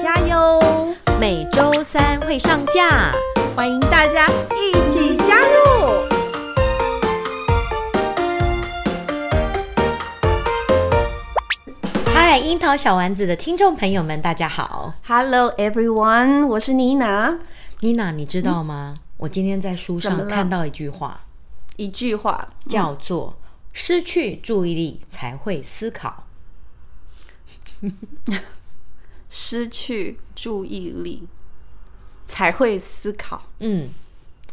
加油！每週三會上架，歡迎大家一起加入。嗨，英 桃小玩子的聽眾朋友們，大家好！Hello everyone，我是妮娜。妮娜，你知道嗎？嗯？我今天在書上看到一句話，一句話叫做“失去注意力才會思考。” 失去注意力才會思考，嗯，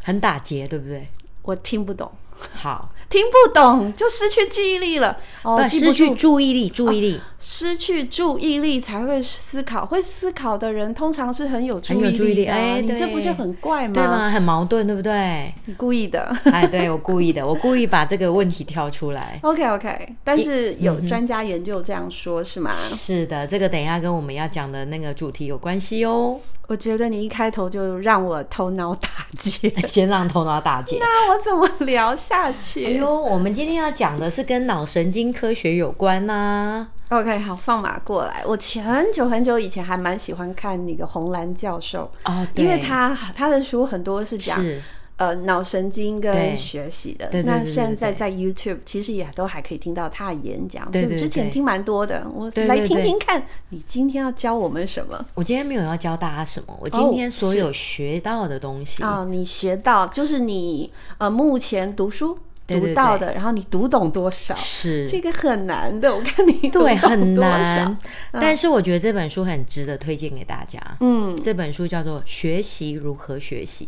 很打結，對不對？我聽不懂。好。聽不懂就失去記憶力了，哦，失去注意力，哦、記不住、注意力，注意力、哦，失去注意力才會思考，會思考的人通常是很有注意力，很有注意力、啊。哎、欸，你這不就很怪嗎？對嗎？很矛盾，對不對？你故意的，哎，對，我故意的， 我故意把這個問題挑出來。OK OK，但是有專家研究這樣說是嗎、嗯？是的，這個等一下跟我們要講的那個主題有關係哦。我覺得你一開頭就讓我頭腦打結，先讓頭腦打結， 那我怎麼聊下去？哎呦，我們今天要講的是跟腦神經科學有關吶、啊。OK，好，放馬過來。我前很久很久以前還蠻喜歡看那個洪蘭教授啊、oh，對，因為他他的書很多是講。呃，腦神經跟學習的對對對對對對，那現在在 YouTube 其實也都還可以聽到他的演講，就之前聽蠻多的。對對對對，我來聽聽看，你今天要教我們什麼？我今天沒有要教大家什麼，我今天所有學到的東西啊、哦哦，你學到就是你呃目前讀書讀到的對對對，然後你讀懂多少？是這個很難的，我看你讀懂多少。對，很難。但是我覺得這本書很值得推薦給大家。嗯，這本書叫做《學習如何學習》。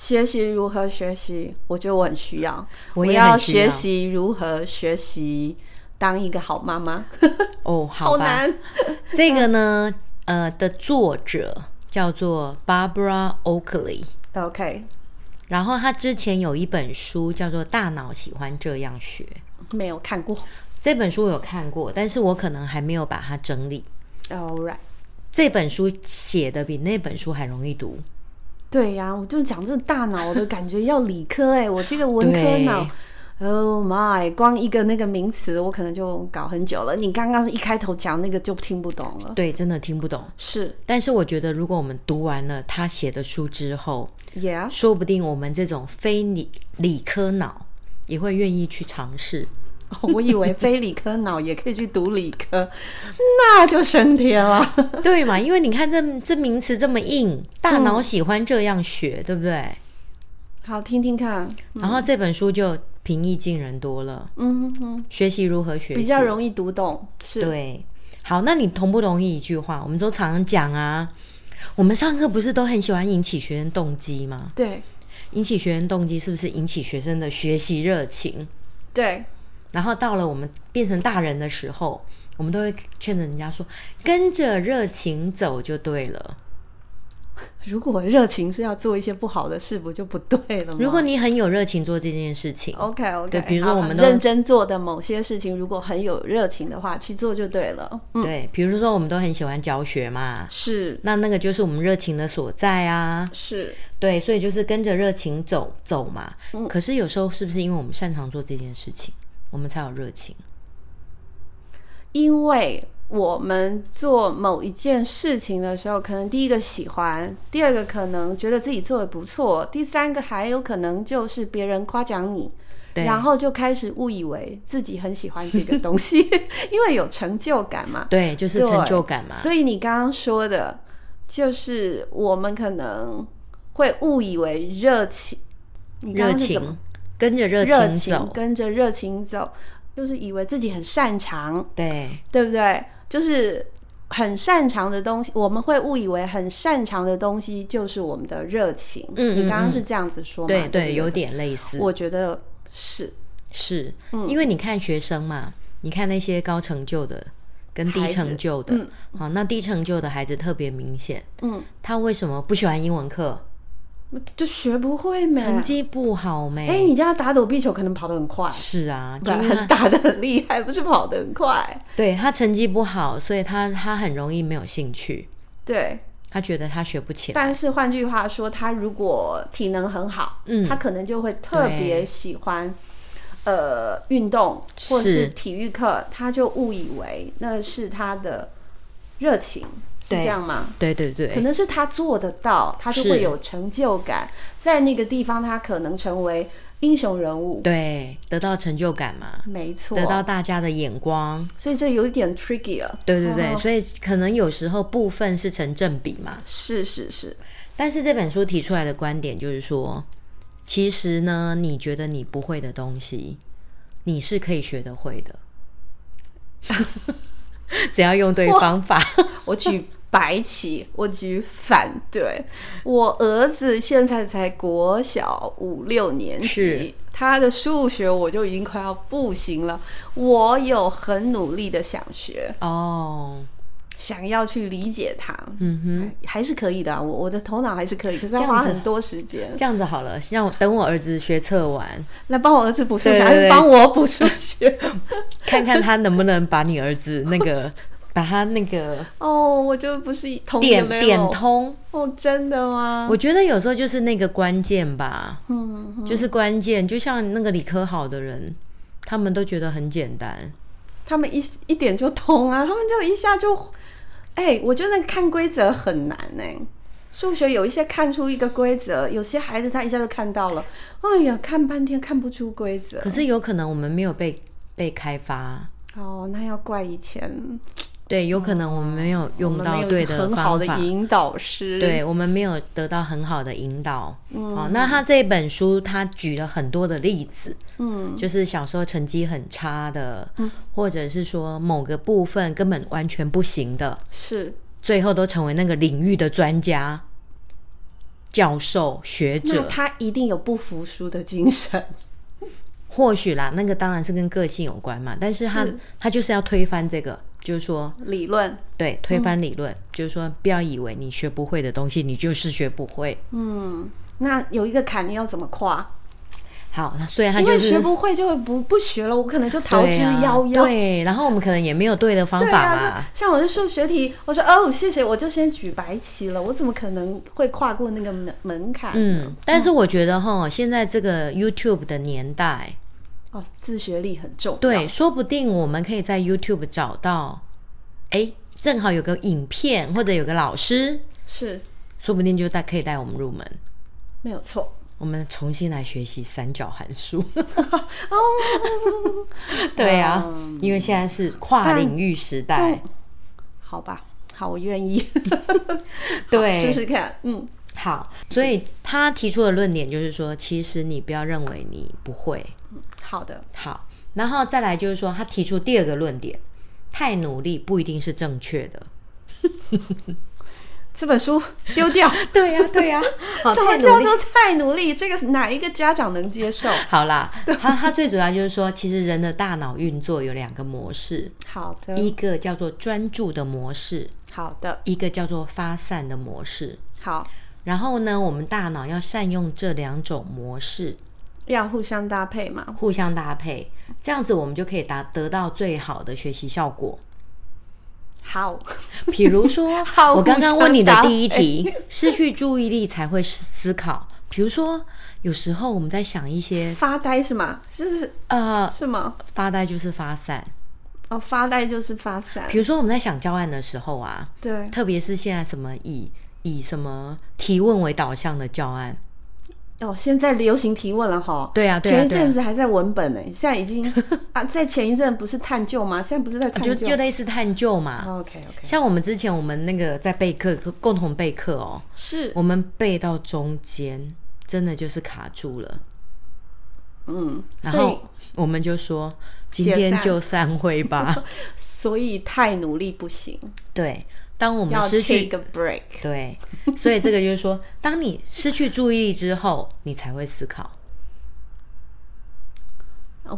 學習如何學習，我覺得我很需要。我，要，我要學習如何學習，當一個好媽媽。 哦好，好難。 這個呢，呃，的作者叫做 Barbara Oakley。OK。然後她之前有一本書叫做《大腦喜歡這樣學》，沒有看過。這本書我有看過，但是我可能還沒有把它整理。Alright。這本書寫的比那本書還容易讀。對呀、啊，我就講這個大腦，我感覺要理科哎， 我這個文科腦，Oh my，光一個那個名詞，我可能就搞很久了。你剛剛一開頭講那個就聽不懂了，對，真的聽不懂。是，但是我覺得如果我們讀完了他寫的書之後、Yeah? 說不定我們這種非理理科腦也會願意去嘗試。 哦、我以為非理科腦也可以去讀理科， 那就升天了， 對嘛？因為你看這這名詞這麼硬，大腦喜歡這樣學、嗯，對不對？好，聽聽看。嗯、然後這本書就平易近人多了，嗯嗯，學習如何學習，比較容易讀懂，是對。好，那你同不同意一句話？我們都常常講啊，我們上課不是都很喜歡引起學生動機嗎？對，引起學生動機是不是引起學生的學習熱情？對。然後到了我們變成大人的時候，我們都會勸着人家說：“跟着熱情走就對了。”如果熱情是要做一些不好的事不，不就不對了嗎？如果你很有熱情做這件事情，OK OK，對，比如說我們都認真做的某些事情，如果很有熱情的話去做就對了、嗯。對，比如說我們都很喜歡教學嘛，是那那個就是我們熱情的所在啊。是對，所以就是跟着熱情走走嘛、嗯。可是有時候是不是因為我們擅長做這件事情？我們才有熱情，因為我們做某一件事情的時候，可能第一個喜歡，第二個可能覺得自己做的不錯，第三個還有可能就是別人誇獎你，然後就開始誤以為自己很喜歡這個東西， 因為有成就感嘛。對，就是成就感嘛。所以你剛剛說的，就是我們可能會誤以為熱情，熱情。跟着熱情走，情跟着熱情走，就是以為自己很擅長，對對不對？就是很擅長的東西，我們會誤以為很擅長的東西就是我們的熱情。嗯，嗯，嗯，你剛剛是這樣子說嗎？對對，對，對，有點類似。我覺得是是，嗯，因為你看學生嘛，你看那些高成就的跟低成就的，嗯，好，那低成就的孩子特別明顯，嗯，他為什麼不喜歡英文課？就學不會嘛，成績不好嘛。哎、欸，你知道打躲避球，可能跑得很快。是啊，就是、打打的很厲害，不是跑得很快。對，他成績不好，所以他他很容易沒有興趣。對，他覺得他學不起來。但是換句話說，他如果體能很好，嗯，他可能就會特別喜歡呃運動或是體育課，他就誤以為那是他的熱情。對，是這樣嗎？對對對，可能是他做得到，他就會有成就感。在那個地方，他可能成為英雄人物，對，得到成就感嘛，沒錯，得到大家的眼光，所以這有一點 tricky。對對對，oh, 所以可能有時候部分是成正比嘛。是是是，但是這本書提出來的觀點就是說，其實呢，你覺得你不會的東西，你是可以學得會的， 只要用對方法，我去。我 白棋，我舉反對。我兒子現在才國小五六年級，他的數學我就已經快要不行了。我有很努力的想學哦，oh. 想要去理解他。嗯、mm、哼 -hmm. 哎，還是可以的、啊，我我的頭腦還是可以，可是要花很多時間。這樣子好了，讓我等我兒子學測完，來幫我兒子補數學，對對對，還是幫我補數學， 看看他能不能把你兒子那個。 把它那個哦，我覺得不是一點點通哦，真的嗎？我覺得有時候就是那個關鍵吧，嗯,嗯,嗯，就是關鍵。就像那個理科好的人，他們都覺得很簡單，他們一一點就通啊，他們就一下就哎、欸，我覺得看規則很難哎、欸。數學有一些看出一個規則，有些孩子他一下就看到了，哎呀，看半天看不出規則。可是有可能我們沒有被被開發哦，那要怪以前。對，有可能我們沒有用到對的方法。嗯、我們沒有一個很好的引導師，對，我們沒有得到很好的引導。好、嗯哦，那他這本書他舉了很多的例子，嗯，就是小時候成績很差的，嗯，或者是說某個部分根本完全不行的，是最後都成為那個領域的專家、教授、學者，他一定有不服輸的精神。 或許啦，那個當然是跟個性有關嘛，但是他是他就是要推翻這個。就是說理論對推翻理論，嗯、就是說不要以為你學不會的東西，你就是學不會。嗯，那有一個坎，你要怎麼跨？好，那所以他、就是、因為學不會就會不不學了，我可能就逃之夭夭對、啊。對，然後我們可能也沒有對的方法吧、啊、像我的數學題，我說哦謝謝，我就先舉白旗了。我怎麼可能會跨過那個門門檻？嗯，但是我覺得哈、嗯，現在這個 YouTube 的年代。哦，自學力很重。對，說不定我們可以在 YouTube 找到，哎、欸，正好有個影片或者有個老師是，說不定就帶可以帶我們入門，沒有錯。我們重新來學習三角函數。 哦， 對啊、嗯，因為現在是跨領域時代。好吧，好，我願意。 對，試試看。嗯，好。所以他提出的論點就是說，其實你不要認為你不會。好的，好，然後再來就是說，他提出第二個論點：太努力不一定是正確的。 這本書丟掉， 對呀、啊，對呀、啊，什麼叫做太努力？ 太努力 這個是哪一個家長能接受？好啦， 他他最主要就是說，其實人的大腦運作有兩個模式。好的，一個叫做專注的模式。好的，一個叫做發散的模式。好，然後呢，我們大腦要善用這兩種模式。要互相搭配嘛？互相搭配，這樣子我們就可以達得到最好的學習效果。好，比如說， 我剛剛問你的第一題， 失去注意力才會思考。比如說，有時候我們在想一些發呆是嗎？是，呃，是嗎？發呆就是發散哦，發呆就是發散。比如說我們在想教案的時候啊，對，特別是現在什麼以以什麼提問為導向的教案。哦，現在流行提問了哈、啊啊啊。對啊，前一陣子還在文本呢，現在已經 啊，在前一陣不是探究嗎？現在不是在探究，啊、就類似探究嘛。Oh, OK OK。像我們之前我們那個在備課，共同備課哦。是。我們備到中間，真的就是卡住了。嗯，然後我們就說今天就散會吧。 所以太努力不行。對。當我們失去一個 break，對，所以這個就是說， 當你失去注意力之後，你才會思考。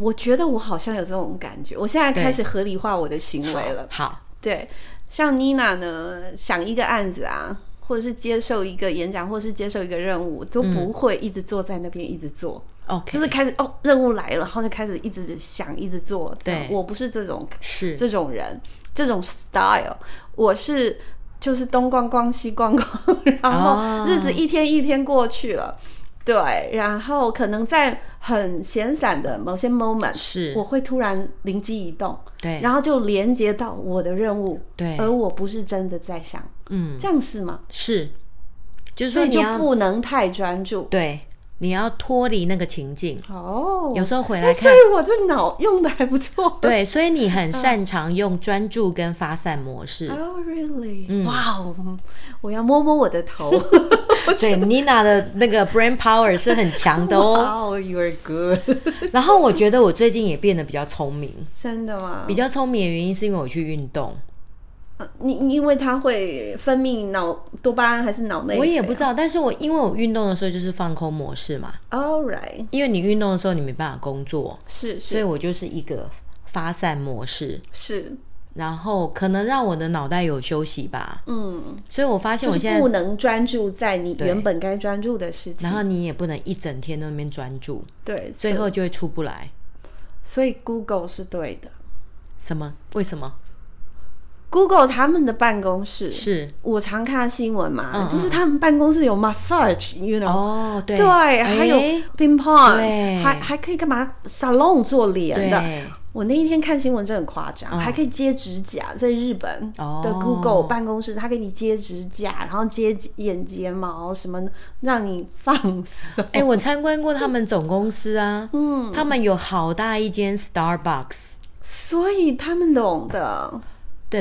我覺得我好像有這種感覺，我現在開始合理化我的行為了。好，好，對，像妮娜呢，想一個案子啊，或者是接受一個演講，或者是接受一個任務，都不會一直坐在那邊一直做。OK，、嗯、就是開始哦，任務來了，然後就開始一直想，一直做。對，我不是這種，是這種人。這種 style，我是就是東逛逛西逛逛，然後日子一天一天過去了，oh. 對，然後可能在很閒散的某些 moment，是，我會突然靈機一動，對，然後就連接到我的任務，對，而我不是真的在想，嗯，這樣是嗎？是，就是說你就不能太專注，對。你要脫離那個情境哦，oh, 有時候回來看。所以我的腦用的還不錯。對，所以你很擅長用專注跟發散模式。Oh, really? 哇、嗯 wow, 我要摸摸我的頭。 我覺得對，Nina 的那個 brain power 是很強的哦。Wow, you are good。 然後我覺得我最近也變得比較聰明。真的嗎？比較聰明的原因是因為我去運動。你因為它會分泌腦多巴胺還是腦內啡？我也不知道，但是我因為我運動的時候就是放空模式嘛。All right，因為你運動的時候你沒辦法工作，是,是，所以我就是一個發散模式，是，然後可能讓我的腦袋有休息吧。嗯，所以我發現我現在、就是、不能專注在你原本該專注的事情，然後你也不能一整天都那邊專注，對，最後就會出不來。所以 Google 是對的，什麼？為什麼？Google 他們的辦公室是我常看的新聞嘛，嗯嗯，就是他們辦公室有 massage，you know？哦、oh，對，對，欸、還有 ping pong，還還可以幹嘛 salon 做臉的對。我那一天看新聞，真的很誇張，還可以接指甲，在日本的 Google 辦公室，他給你接指甲，然後接眼睫毛什麼，讓你放哎、欸，我參觀過他們總公司啊，嗯，他們有好大一間 Starbucks，所以他們懂的。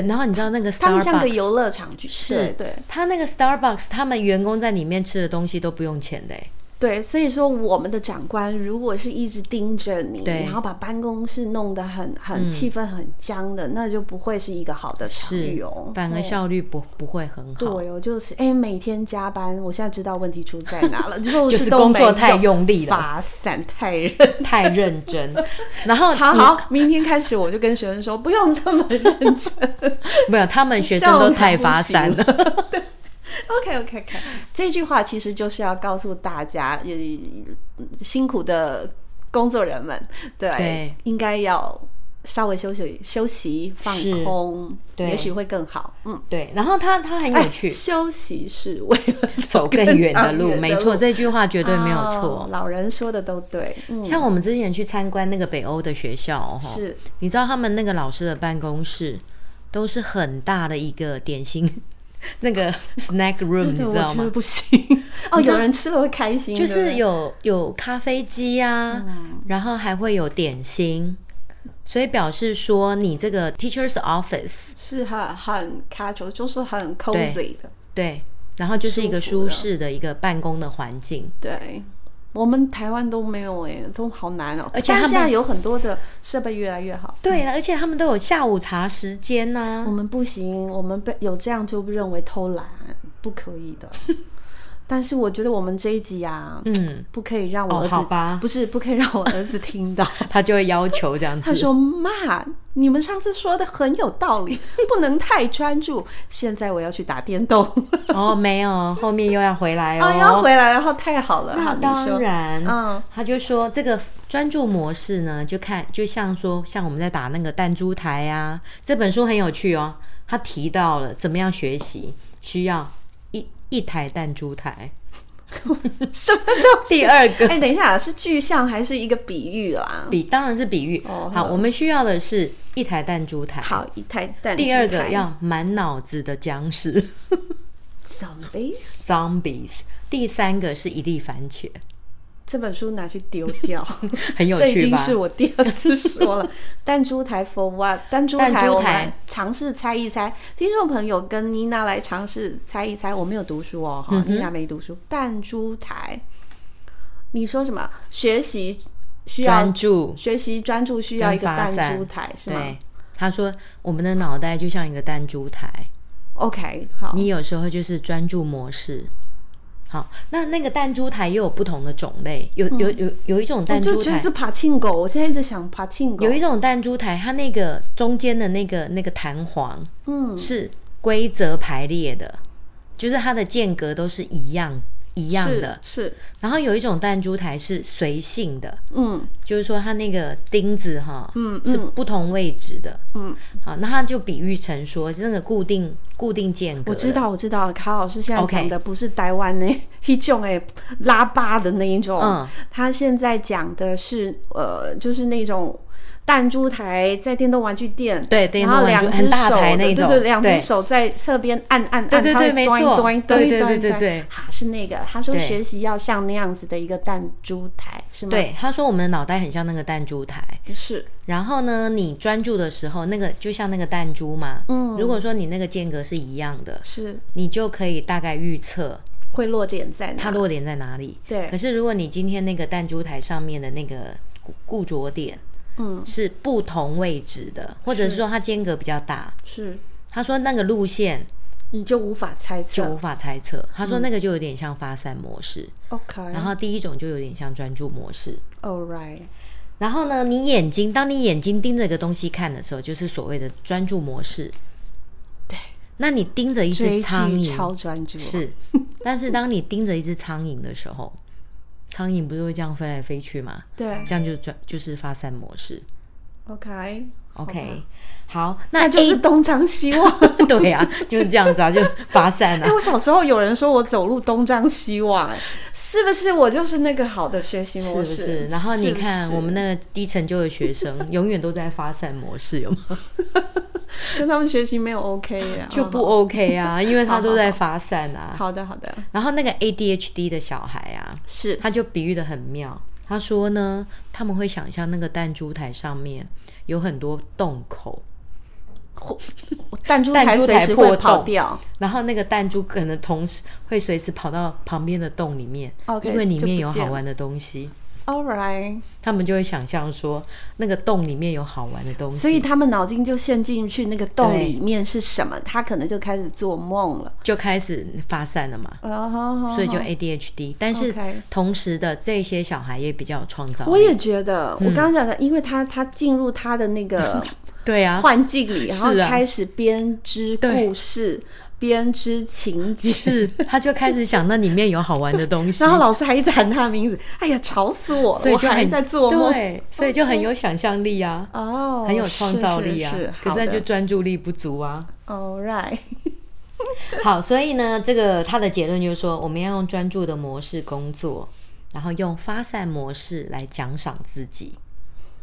對，然後你知道那個 Starbucks，他們像個遊樂場，是對對，對，他那個 Starbucks，他們員工在裡面吃的東西都不用錢的欸。對，所以說我們的長官如果是一直盯着你，然後把辦公室弄得很很、嗯、氣氛很僵的，那就不會是一個好的場域哦，反而效率不、嗯、不會很好。對哦，就是哎，每天加班，我現在知道問題出在哪了，就是， 就是工作太用力了，發散太認太認真。 認真 然後，好好，明天開始我就跟學生說，不用這麼認真， 沒有，他們學生都太發散了。 OK OK OK，這句話其實就是要告訴大家，辛苦的工作人們，對，對應該要稍微休息、休息、放空，對，也許會更好。嗯，對。然後他他很有趣，休息是為了走更遠的路，沒錯，啊，這句話絕對沒有錯哦。老人說的都對。嗯，像我們之前去參觀那個北歐的學校哈，哦，是，你知道他們那個老師的辦公室都是很大的一個典型。 那個 snack room，對對對，你知道嗎？我不行 哦，有人吃了會開心。 就是有有咖啡機啊、嗯，然後還會有點心，所以表示說你這個 teacher's office 是很很 casual，就是很 cozy 的。對，對。然後就是一個舒適的一個辦公的環境，對。我們台灣都沒有誒、欸，都好難哦、喔。而且他們現在有很多的設備越來越好、嗯。對，而且他們都有下午茶時間呢、啊嗯。我們不行，我們被有這樣就認為偷懶不可以的。 但是我覺得我們這一集啊，嗯，不可以讓我兒子、哦、好吧？不是不可以讓我兒子聽到， 他就會要求這樣子。他說：“媽，你們上次說的很有道理， 不能太專注。現在我要去打電動。 ”哦，沒有，後面又要回來哦，哦，又要回來，然後太好了。那當然，嗯，他就說這個專注模式呢，就看，就像說，像我們在打那個彈珠台啊。這本書很有趣哦，他提到了怎麼樣學習需要。一台彈珠台， 什麼東西？第二個，哎、欸，等一下，是具象還是一個比喻啦？比當然是比喻。Oh, 好，我們需要的是一台彈珠台。好，一台彈珠台。第二個要滿腦子的僵屍 ，Zombies，Zombies。第三個是一粒番茄。這本書拿去丟掉， 很有趣吧？這已經是我第二次說了。 彈珠台 for what？彈珠台，我們嘗試猜一猜。聽眾朋友跟妮娜來嘗試猜一猜。我沒有讀書哦，好、嗯，妮娜沒讀書。彈珠台，你說什麼？學習需要專注，學習專注需要一個彈珠台，是嗎？對，他說我們的腦袋就像一個彈珠台。OK，好，你有時候就是專注模式。好，那那個彈珠台又有不同的種類，嗯、有有有有一種彈珠台，我就覺得是柏青哥，我現在一直想柏青哥。有一種彈珠台，它那個中間的那個那個彈簧，嗯，是規則排列的，嗯，就是它的間隔都是一樣。一樣的是，是。然後有一種彈珠台是隨性的，嗯，就是說它那個釘子哈、哦嗯，嗯，是不同位置的，嗯，啊，那它就比喻成說是那個固定固定間隔。我知道，我知道，卡老師現在講的不是台灣的、okay. 那一種誒，拉巴的那一種，嗯，他現在講的是呃，就是那種。彈珠台在電動玩具店，對，然後兩只手很大台那一種，對,對對，兩只手在側邊按按按，對對對，沒錯，對對對對對,對,對,對,對、啊，是那個，他說學習要像那樣子的一個彈珠台是嗎？對，他說我們的腦袋很像那個彈珠台是，然後呢，你專注的時候，那個就像那個彈珠嘛，嗯，如果說你那個間隔是一樣的，是，你就可以大概預測會落點在哪，它落點在哪裡？對，可是如果你今天那個彈珠台上面的那個固着點。嗯，是不同位置的，或者是說它間隔比較大。是，他說那個路線你就無法猜測，就無法猜測，嗯。他說那個就有點像發散模式。OK，然後第一種就有點像專注模式。All right，然後呢，你眼睛當你眼睛盯着一個東西看的時候，就是所謂的專注模式。對，那你盯着一隻蒼蠅，超專注，啊。是， 但是當你盯着一隻蒼蠅的時候。蒼蠅不是會這樣飛來飛去嗎？對，這樣就轉，就是發散模式。OK OK，好，好，那就是東張西望。欸、 對呀、啊，就是這樣子啊， 就發散啊。因、欸、為我小時候有人說我走路東張西望， 是不是我就是那個好的學習模式？是不是？然後你看我們那個低成就的學生，是是，永遠都在發散模式有有，有嗎？跟他們學習沒有 OK 呀，就不 OK 呀、啊， 因為他都在發散啊。 好的，好的。然後那個 ADHD 的小孩啊，是，他就比喻得很妙。他說呢，他們會想象那個彈珠台上面有很多洞口，彈 珠台隨時會跑掉，然後那個彈珠可能同時會隨時跑到旁邊的洞裡面，okay, 因為裡面有好玩的東西。All right，他們就會想象說那個洞裡面有好玩的東西，所以他們腦筋就陷進去那個洞裡面是什麼，他可能就開始做夢了，就開始發散了嘛。Uh -huh, uh -huh, uh -huh. 所以就 ADHD，但是同時的這些小孩也比較有創造力，Okay. 嗯。我也覺得，我剛剛講的，因為他他進入他的那個對啊幻境裡， 對啊， 然後開始編織故事。編織情節， 是他就開始想那裡面有好玩的東西。 然後老師還一直喊他的名字，哎呀，吵死我了！所以就我還在做夢，對 okay. 所以就很有想象力啊，哦、oh，很有創造力啊。是是是，可是他就專注力不足啊。All right， 好，所以呢，這個他的結論就是說，我們要用專注的模式工作，然後用發散模式來獎賞自己。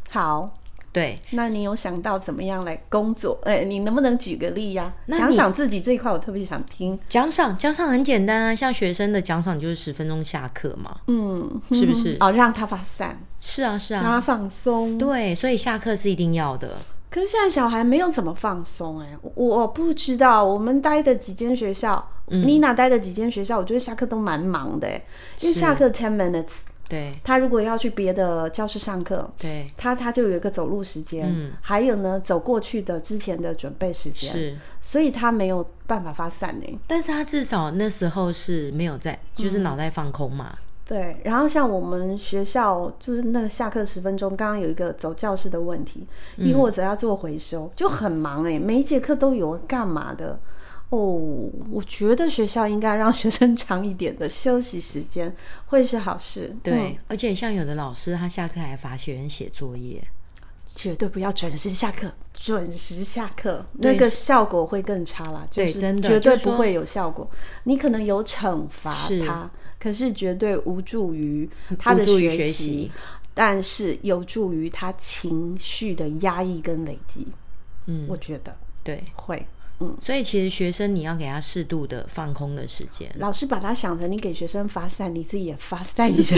好。對，那你有想到怎麼樣來工作？哎、欸，你能不能舉個例呀、啊？獎賞自己這一塊，我特別想聽獎賞。獎賞很簡單啊，像學生的獎賞就是十分鐘下課嘛。嗯，是不是？哦，讓他發散。是啊，是啊，讓他放鬆。對，所以下課是一定要的。可是現在小孩沒有怎麼放鬆哎、欸，我不知道。我們待的幾間學校，嗯、妮娜待的幾間學校，我覺得下課都蠻忙的哎、欸，因為下課 ten minutes。對，他如果要去別的教室上課，對他他就有一個走路時間，嗯、還有呢，走過去的之前的準備時間，是，所以他沒有辦法發散哎。但是他至少那時候是沒有在，就是腦袋放空嘛。嗯、對，然後像我們學校就是那個下課十分鐘，剛剛有一個走教室的問題，亦或者要做回收，就很忙誒。每一節課都有幹嘛的。哦，我覺得學校應該讓學生長一點的休息時間會是好事。對、嗯，而且像有的老師，他下課還罰學生寫作業，絕對不要準時下課，準時下課那個效果會更差啦。對，真的、就是、絕對不會有效果。就是、你可能有懲罰他，可是絕對無助於他的學習，但是有助於他情緒的壓抑跟累積。嗯，我覺得對會。對嗯，所以其實學生，你要給他適度的放空的時間。老師把他想成你給學生發散，你自己也發散一下。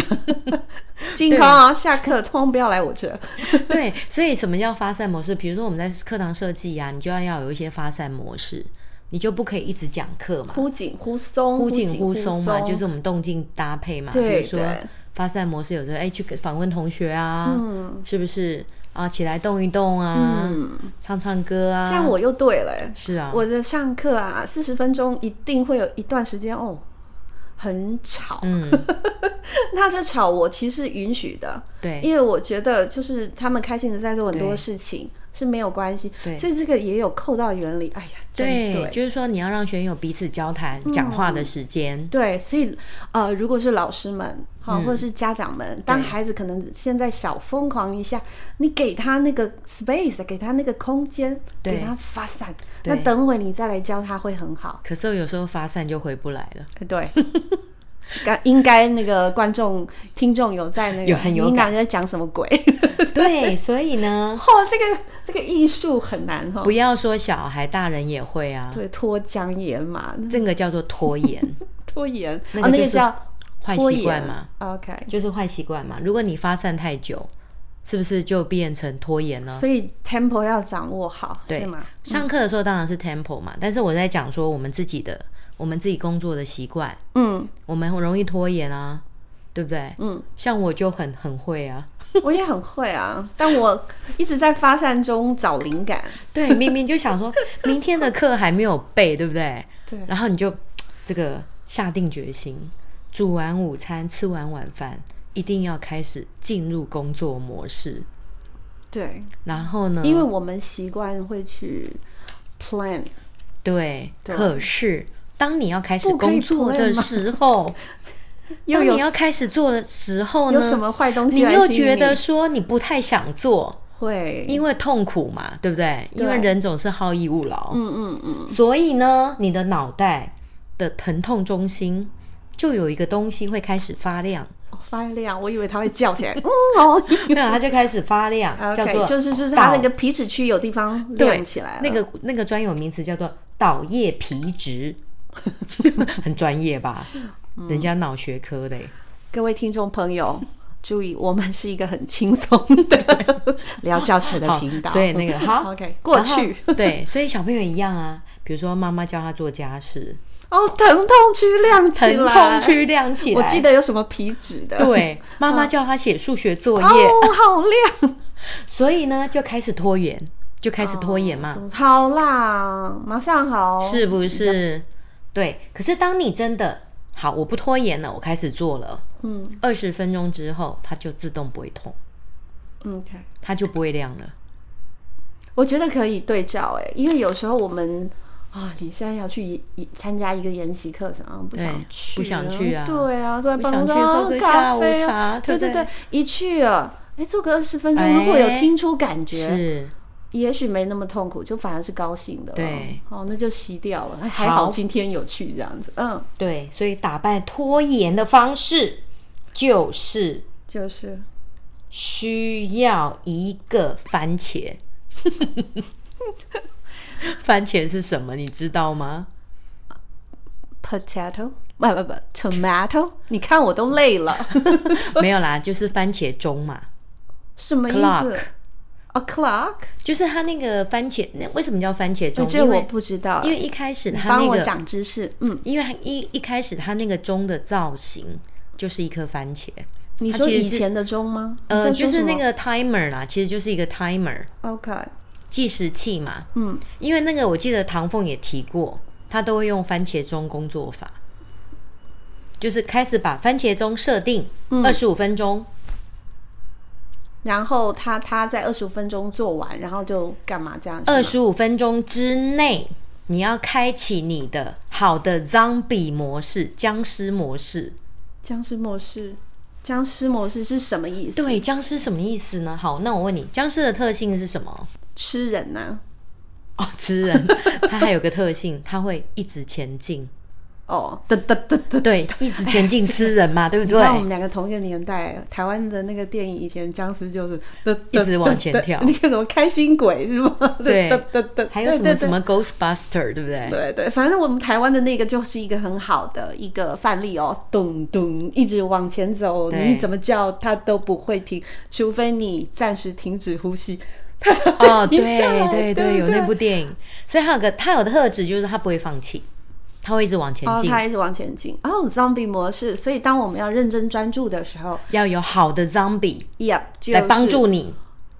健康 啊，下課，通不要來我這。 對，所以什麼叫發散模式？比如說我們在課堂設計啊，你就要要有一些發散模式，你就不可以一直講課嘛，忽緊忽鬆，忽緊忽鬆嘛，就是我們動靜搭配嘛。對。比如說、啊、對發散模式，有時候哎、欸、去訪問同學啊，嗯，是不是？啊，起來動一動啊，嗯、唱唱歌啊，這樣我又對了。是啊，我的上課啊，四十分鐘一定會有一段時間哦，很吵。嗯、 那這吵我其實是允許的，對，因為我覺得就是他們開心的在做很多事情。是沒有關係，所以這個也有扣到原理。哎呀，對，真對就是說你要讓學員有彼此交談、講、嗯、話的時間。對，所以呃，如果是老師們、嗯、或者是家長們，當孩子可能現在小瘋狂一下，你給他那個 space，給他那個空間，給他發散，那等會你再來教他會很好。可是有時候發散就回不來了。對。 應該那個觀眾聽眾有在那個有很有感，在講什麼鬼？對，所以呢，嚯、哦，這個這個藝術很難哦。不要說小孩，大人也會啊。對，脫韁野馬，這個叫做拖延。 拖延、那個，哦，那個叫壞習慣嘛。OK，就是壞習慣嘛。如果你發散太久，是不是就變成拖延了？所以 tempo 要掌握好，對是嗎？上課的時候當然是 tempo 嘛、嗯，但是我在講說我們自己的。我們自己工作的習慣，嗯，我們很容易拖延啊，對不對？嗯，像我就很很會啊，我也很會啊， 但我一直在發散中找靈感。對，明明就想說，明天的課還沒有備，對不對？對。然後你就這個下定決心，煮完午餐，吃完晚飯，一定要開始進入工作模式。對。然後呢？因為我們習慣會去 plan，對，對，可是。當你要開始工作的時候， 當你要開始做的時候呢？有什麼壞東西你？你又覺得說你不太想做，會因為痛苦嘛？對不對？對，因為人總是好逸惡勞。嗯嗯嗯。所以呢，你的腦袋的疼痛中心就有一個東西會開始發亮。發亮，我以為它會叫起來。哦，沒有，它就開始發亮。 叫做 okay, 就是就是他那個皮質區有地方亮起來。對，那個那個專有名詞叫做島葉皮質。 很專業吧？嗯、人家腦學科的。各位聽眾朋友，注意，我們是一個很輕鬆的聊教學的頻道、 哦，所以那個好，OK。過去 對，所以小朋友一樣啊。比如說，媽媽教他做家事，哦，疼痛區亮起來，疼痛區亮起來。我記得有什麼皮質的， 對，媽媽叫他寫數學作業，哦，好亮。 所以呢，就開始拖延，就開始拖延嘛。哦、好啦，馬上好，是不是？嗯對，可是當你真的好，我不拖延了，我開始做了，嗯，二十分鐘之後，它就自動不會痛。嗯、OK，它就不會亮了。我覺得可以對照哎，因為有時候我們啊，你現在要去參加一個研習課程，不想去，不想去啊，對啊，哎、對啊坐在，不想去喝個下午茶，啊、對，對，對對對，一去啊，哎，坐個二十分鐘，哎，如果有聽出感覺是。也許沒那麼痛苦，就反而是高興的。對，哦，那就熄掉了。還好今天有去這樣子。嗯，對，所以打敗拖延的方式就是就是需要一個番茄。 番茄是什麼？你知道嗎？Potato？不不不，Tomato？ 你看我都累了。 沒有啦，就是番茄鐘嘛。 什麼意思？ O'clock，就是他那個番茄，那為什麼叫番茄鐘？欸，這個、我不知道。因為一開始他那個……長知識。嗯，因為一一開始他那個鐘的造型就是一顆番茄。你說以前的鐘嗎？呃，就是那個 timer 啦，其實就是一個 timer。OK，計時器嘛。嗯，因為那個我記得唐鳳也提過，他都會用番茄鐘工作法，就是開始把番茄鐘設定二十五分鐘。嗯然後他他在二十五分鐘做完，然後就幹嘛這樣子？二十五分鐘之內，你要開啟你的好的 Zombie 模式，殭屍模式。殭屍模式，殭屍模式是什麼意思？對，殭屍什麼意思呢？好，那我問你，殭屍的特性是什麼？吃人啊！哦，吃人。 它還有個特性，它會一直前進。哦，對，一直前進吃人嘛、哎，對不對？那我們兩個同一個年代，台灣的那個電影以前僵屍就是都一直往前跳，那 個什麼開心鬼是嗎？對， 對還有什麼什麼 Ghostbuster，對不對，對？對對，對，對，對對，反正我們台灣的那個就是一個很好的一個範例哦，咚咚，一直往前走，你怎麼叫他都不會停，除非你暫時停止呼吸，他哦對對對對對對對對，對對對，有那部電影，所以還有個他有的特質就是他不會放棄。它會一直往前進，它一直往前進。哦，oh，zombie 模式，所以當我們要認真專注的時候，要有好的 zombie，yep，就來幫助你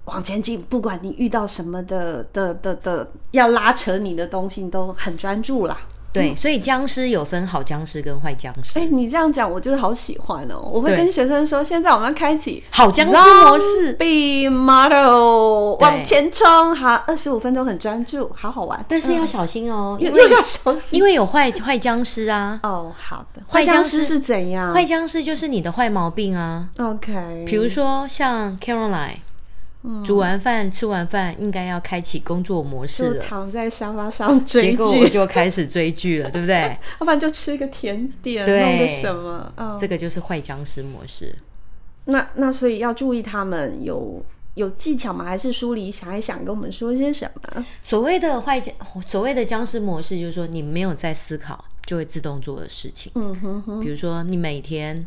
往前進。不管你遇到什麼的的的的要拉扯你的東西，你都很專注啦。對，所以殭屍有分好殭屍跟壞殭屍。哎、嗯欸，你這樣講我就是好喜歡哦！我會跟學生說，現在我們要開啟好殭屍模式，Be model，往前衝，好，二十五分鐘很專注，好好玩，但是要小心哦，嗯、因為要小心，因為有壞壞殭屍啊。哦，好的，壞殭屍是怎樣？壞殭屍就是你的壞毛病啊。OK，比如說像 Caroline。煮完飯、嗯，吃完飯，應該要開啟工作模式了，躺在沙發上追劇，結果我就開始追劇了， 對不對？要 不然就吃一個甜點，弄個什麼？這個就是壞殭屍模式。哦、那那所以要注意，他們有有技巧嗎？還是書裡想一想，跟我們說些什麼？所謂的壞殭，所謂的殭屍模式，就是說你沒有在思考，就會自動做的事情。嗯哼哼，比如說你每天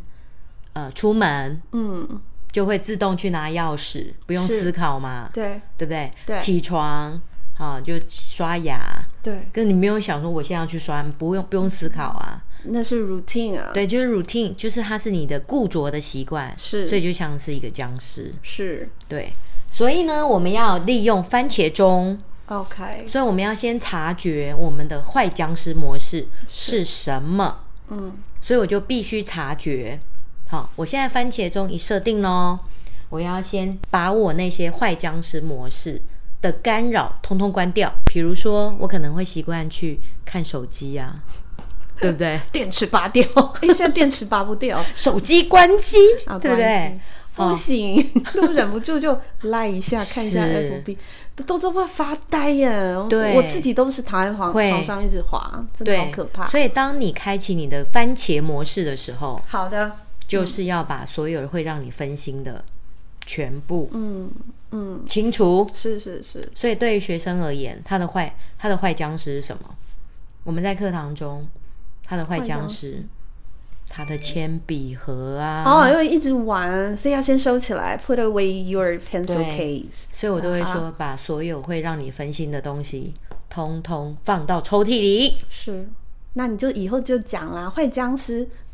呃出門，嗯。就會自動去拿鑰匙，不用思考嘛，對，對不對？對，起床啊，就刷牙，對，跟你沒有想說，我現在要去刷，不用不用思考啊，那是 routine 啊，對，就是 routine，就是它是你的固着的習慣，是，所以就像是一個殭屍，是，對，所以呢，我們要利用番茄鐘，OK，所以我們要先察覺我們的壞殭屍模式是什麼，嗯，所以我就必須察覺。好，我現在番茄鐘已設定嘍。我要先把我那些壞殭屍模式的干擾通通關掉。比如說，我可能會習慣去看手機呀、啊，對不對？ 電池拔掉。 哎、欸，現在電池拔不掉， 手機關機 啊關機，對不對？不行，哦、都忍不住就拉一下看一下 FB，都都會發呆呀。對，我自己都是躺在床床上一直滑，真的好可怕。所以，當你開啟你的番茄模式的時候，好的。就是要把所有會讓你分心的全部，嗯嗯，清除。是是是。所以對於學生而言，他的壞他的壞殭屍是什麼？我們在課堂中，他的壞殭屍，他的鉛筆盒啊，哦，因為一直玩，所以要先收起來，put away your pencil case。所以我都會說、啊，把所有會讓你分心的東西，通通放到抽屜裡。是。那你就以後就講啦、啊，壞殭屍。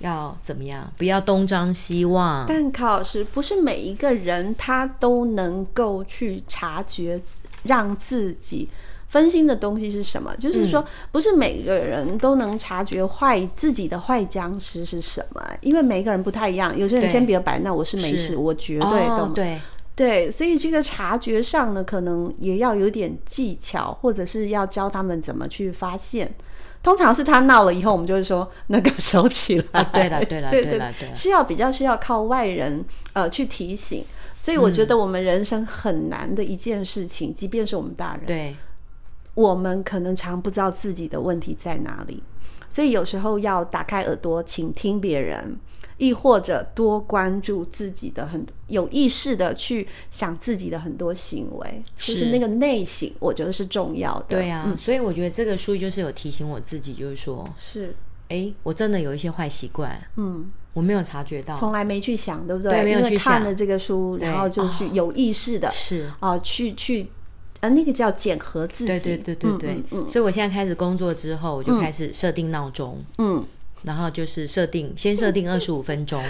要怎麼樣？不要東張西望。但考老師不是每一個人，他都能夠去察覺讓自己分心的東西是什麼。就是說、嗯，不是每一個人都能察覺壞自己的壞僵屍是什麼，因為每一個人不太一樣。有些人先別擺，那我是沒事，我絕對、哦、對對。所以這個察覺上呢，可能也要有點技巧，或者是要教他們怎麼去發現。通常是他鬧了以後，我們就會說那個收起來。對了，對了，對了，對，是要比較是要靠外人呃去提醒。所以我覺得我們人生很難的一件事情，即便是我們大人，對，我們可能常不知道自己的問題在哪裡，所以有時候要打開耳朵，請聽別人。亦或者多關注自己的，很有意識的去想自己的很多行為，是就是那個內省，我覺得是重要的。對啊、嗯，所以我覺得這個書就是有提醒我自己，就是說，是、欸，我真的有一些壞習慣，嗯，我沒有察覺到，從來沒去想，對不對？對，沒有去看了這個書，去然後就是去有意識的，是啊、哦呃，去去呃，那個叫檢核自己，對對對對對，對,對嗯嗯嗯。所以我現在開始工作之後，我就開始設定鬧鐘，嗯。嗯然後就是設定，先設定二十五分鐘。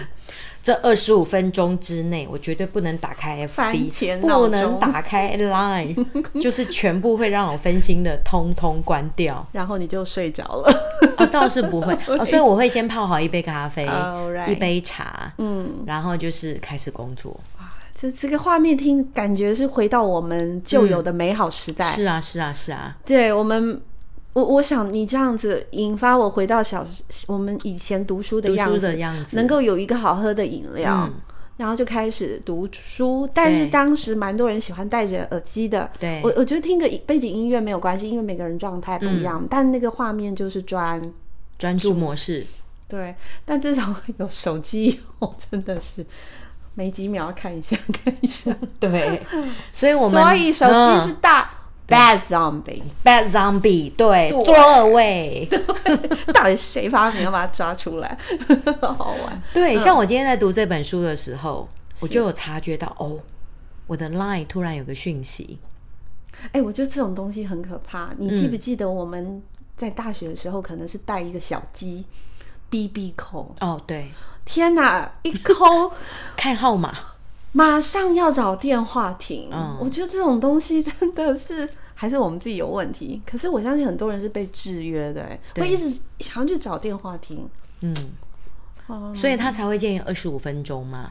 這二十五分鐘之內，我絕對不能打開 FB，不能打開 Line， 就是全部會讓我分心的，通通關掉。 然後你就睡着了？ 哦，倒是不會。 oh, 所以我會先泡好一杯咖啡，Alright. 一杯茶，嗯，然後就是開始工作。哇，這這個畫面聽感覺是回到我們舊有的美好時代，嗯。是啊，是啊，是啊。對我們。我我想你這樣子引發我回到小我們以前讀書的樣子，的樣子能夠有一個好喝的飲料，嗯，然後就開始讀書。但是當時蠻多人喜歡戴着耳機的，對。我我覺得聽個背景音樂沒有關係，因為每個人狀態不一樣。嗯，但那個畫面就是專專注模式，對。但至少有手機，我真的是沒幾秒看一下看一下，對。所以我們所以手機是大。嗯 Bad zombie, bad zombie，對，bad zombie, 對，Throw away，對 到底誰發明要把它抓出來？ 好玩。對、嗯，像我今天在讀這本書的時候，我就有察覺到，哦，我的 Line 突然有個訊息。哎、欸，我覺得這種東西很可怕。你記不記得我們在大學的時候，可能是帶一個小雞、嗯、，BB call。哦、oh,，對。天哪， 一 call call  看號碼。馬上要找電話亭、嗯，我覺得這種東西真的是還是我們自己有問題。可是我相信很多人是被制約的，對，會一直想去找電話亭。嗯，哦、嗯，所以他才會建議二十五分鐘嘛，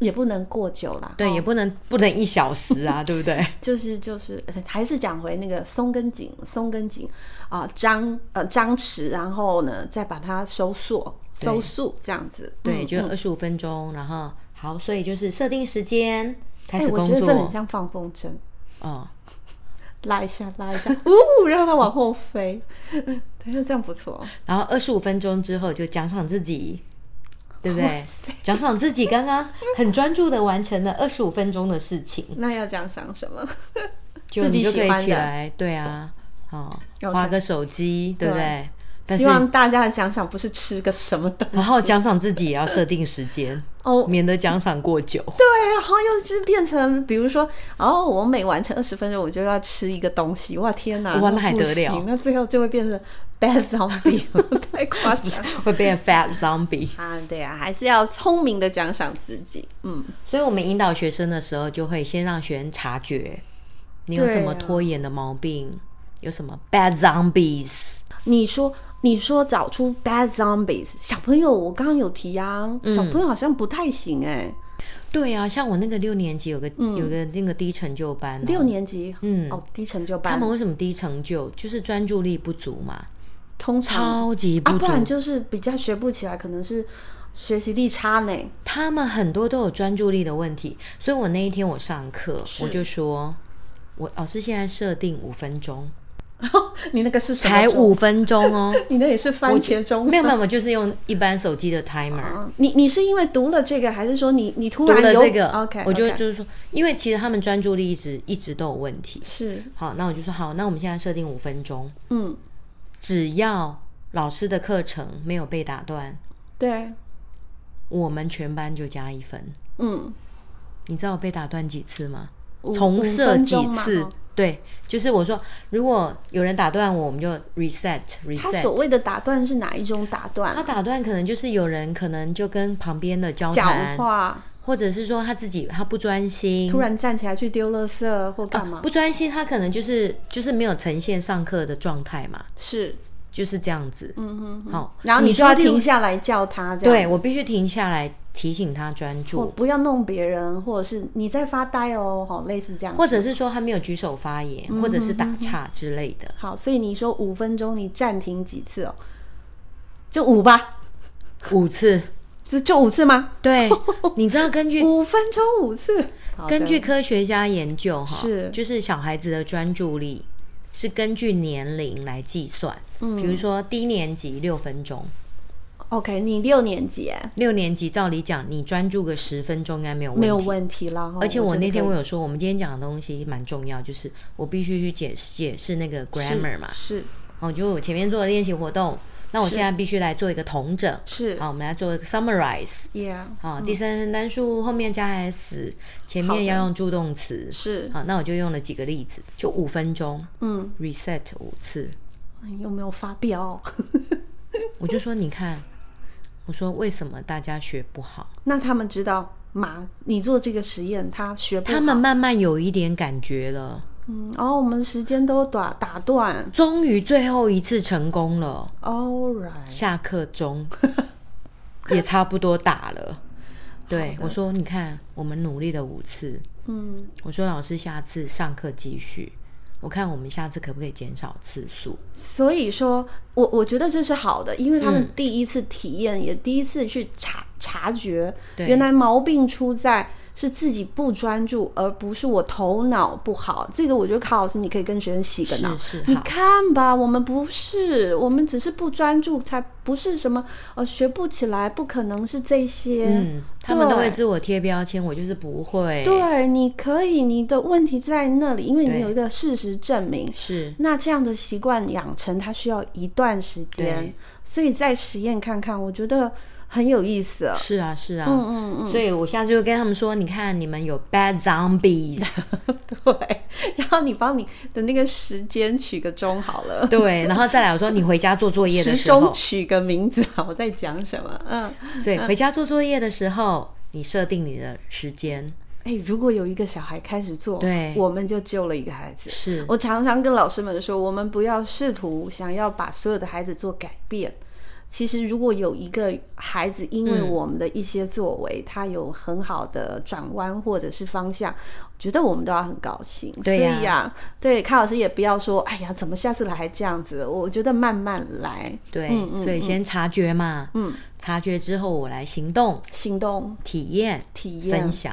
也不能過久啦，對，哦、也不能不能一小時啊， 對不對？就是就是，還是講回那個鬆跟緊，鬆跟緊啊，張呃張弛、呃，然後呢再把它收縮收縮，這樣子，對，嗯、對就二十五分鐘、嗯，然後。好，所以就是設定時間、欸、開始工作。我覺得這很像放風箏，哦、嗯，拉一下，拉一下，嗚， 讓它往後飛。嗯， 好，這樣不錯。然後二十五分鐘之後就獎賞自己，對不對？獎賞自己剛剛很專注的完成了二十五分鐘的事情。 那要獎賞什麼？ 就你就可以起來，喜歡的。對啊，哦、嗯，滑、okay. 個手機，對不對？對啊希望大家的獎賞不是吃個什麼東西，然後獎賞自己也要設定時間哦， oh, 免得獎賞過久。對，然後又是變成，比如說，哦，我每完成二十分鐘，我就要吃一個東西。哇，天吶，那還得了？那最後就會變成 bad zombie， 太誇張了， 會變成 fat zombie、uh, 啊？對呀，還是要聰明的獎賞自己。嗯，所以我們引導學生的時候，就會先讓學生察覺你有什麼拖延的毛病，啊、有什麼 bad zombies。你說。你說找出 bad zombies 小朋友，我剛剛有提啊，小朋友好像不太行哎、欸嗯。對啊，像我那個六年級有個、嗯、有個那個低成就班、啊，六年級嗯哦低成就班，他們為什麼低成就？就是專注力不足嘛，通常超級不足、啊、不然就是比較學不起來，可能是學習力差呢。他們很多都有專注力的問題，所以我那一天我上課我就說，我老師、哦、現在設定五分鐘。哦，你那個是什麼鐘？才五分鐘哦， 你那也是番茄鐘？沒有沒有，我就是用一般手機的 timer。哦，你你是因為讀了這個，還是說你你突然有讀了這個 okay,？OK，我就就是說，因為其實他們專注力一直一直都有問題。是。好，那我就說好，那我們現在設定五分鐘。嗯，只要老師的課程沒有被打斷，對，我們全班就加一分。嗯，你知道我被打斷幾次嗎？重設幾次？對，就是我說，如果有人打斷我，我們就 reset reset。他所謂的打斷是哪一種打斷、啊？他打斷可能就是有人可能就跟旁邊的交談，或者是說他自己他不專心，突然站起來去丟垃圾，或幹嘛？啊、不專心，他可能就是就是沒有呈現上課的狀態嘛，是就是這樣子。嗯哼，哼。好、哦，然後你就要停下來叫他這樣。對，我必須停下來。提醒他專注、哦，不要弄別人，或者是你在發呆哦，好，類似這樣。或者是說他沒有舉手發言、嗯哼哼哼，或者是打岔之類的。好，所以你說五分鐘，你暫停幾次哦？就五吧，五次， 就就五次嗎？對， 你知道根據五分鐘五次，根據科學家研究哈、哦，是就是小孩子的專注力是根據年齡來計算，嗯，比如說低年級六分鐘。OK，你六年級耶，六年級照理講，你專注個十分鐘應該沒有問題，沒有問題啦。哦，而且我那天我有說，我們今天講的東西蠻重要，就是我必須去解解釋那個 grammar 嘛。是。哦，就前面做了練習活動，那我現在必須來做一個統整。是。好，我們來做一個 summarize yeah。Yeah。好，第三人單數後面加 s，前面要用助動詞。是。好，那我就用了幾個例子，就五分鐘。嗯。Reset 五次。你有沒有發飆？ 我就說，你看。我說：“為什麼大家學不好？那他們知道嗎？你做這個實驗，他學不好。他們慢慢有一點感覺了。嗯，哦，我們時間都打打斷，終於最後一次成功了。All right，下課鐘 也差不多打了。 對，我說：‘你看，我們努力了五次。’嗯，我說：‘老師，下次上課繼續。’我看我們下次可不可以減少次數？所以說，我我覺得這是好的，因為他們第一次體驗，嗯，也第一次去察察覺，原來毛病出在。是自己不專注，而不是我頭腦不好。這個我覺得，卡老師你可以跟學生洗個腦。你看吧，我們不是，我們只是不專注，才不是什麼呃學不起來，不可能是這些。嗯，他們都會自我貼標籤，我就是不會。對，你可以，你的問題在那裡，因為你有一個事實證明。是。那這樣的習慣養成，它需要一段時間，所以再實驗看看。我覺得。很有意思哦，是啊，是啊，嗯嗯嗯，所以我現在就跟他們說：“你看，你們有 bad zombies， 對，然後你幫你的那個時間取個鐘好了， 對，然後再來我說你回家做作業的時候時鐘取個名字啊，我在講什麼？嗯，所以回家做作業的時候， 你設定你的時間。哎，如果有一個小孩開始做，對，我們就救了一個孩子。是，我常常跟老師們說，我們不要試圖想要把所有的孩子做改變。其實，如果有一個孩子，因為我們的一些作為，他有很好的轉彎或者是方向，嗯，覺得我們都要很高興。對呀、啊啊，對，卡老師也不要說，哎呀，怎麼下次來還這樣子？我覺得慢慢來。對嗯嗯嗯，所以先察覺嘛，嗯，察覺之後我來行動，行動體驗、體驗分享。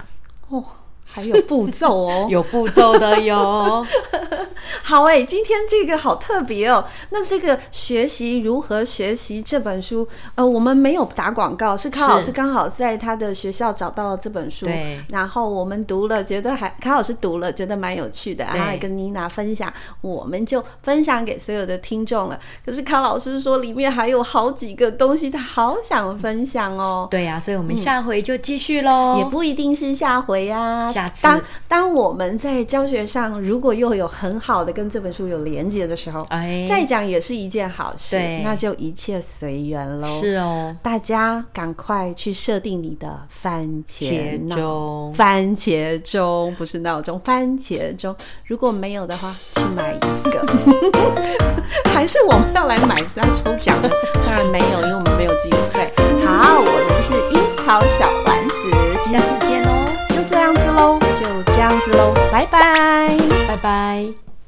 哦，還有步驟哦， 有步驟的有。 好哎、欸，今天這個好特別哦。那這個學習如何學習這本書，呃，我們沒有打廣告，是康老師剛好在他的學校找到了這本書，對。然後我們讀了，覺得還康老師讀了，覺得蠻有趣的，然後還跟妮娜分享，我們就分享給所有的聽眾了。可是康老師說裡面還有好幾個東西，他好想分享哦。對呀、啊，所以我們下回就繼續嘍、嗯。也不一定是下回呀、啊，下次當當我們在教學上如果又有很好跟這本書有連結的時候，欸、再講也是一件好事。對，那就一切隨緣嘍。是哦，大家趕快去設定你的番茄鬧鐘，番茄鐘不是鬧鐘，番茄鐘。如果沒有的話，去買一個。 還是我們要來買，要抽獎？當然沒有，因為我們沒有經費，嗯、好，我們是英桃小玩子，下次見哦！就這樣子嘍，嗯，就這樣子嘍，拜拜，拜拜。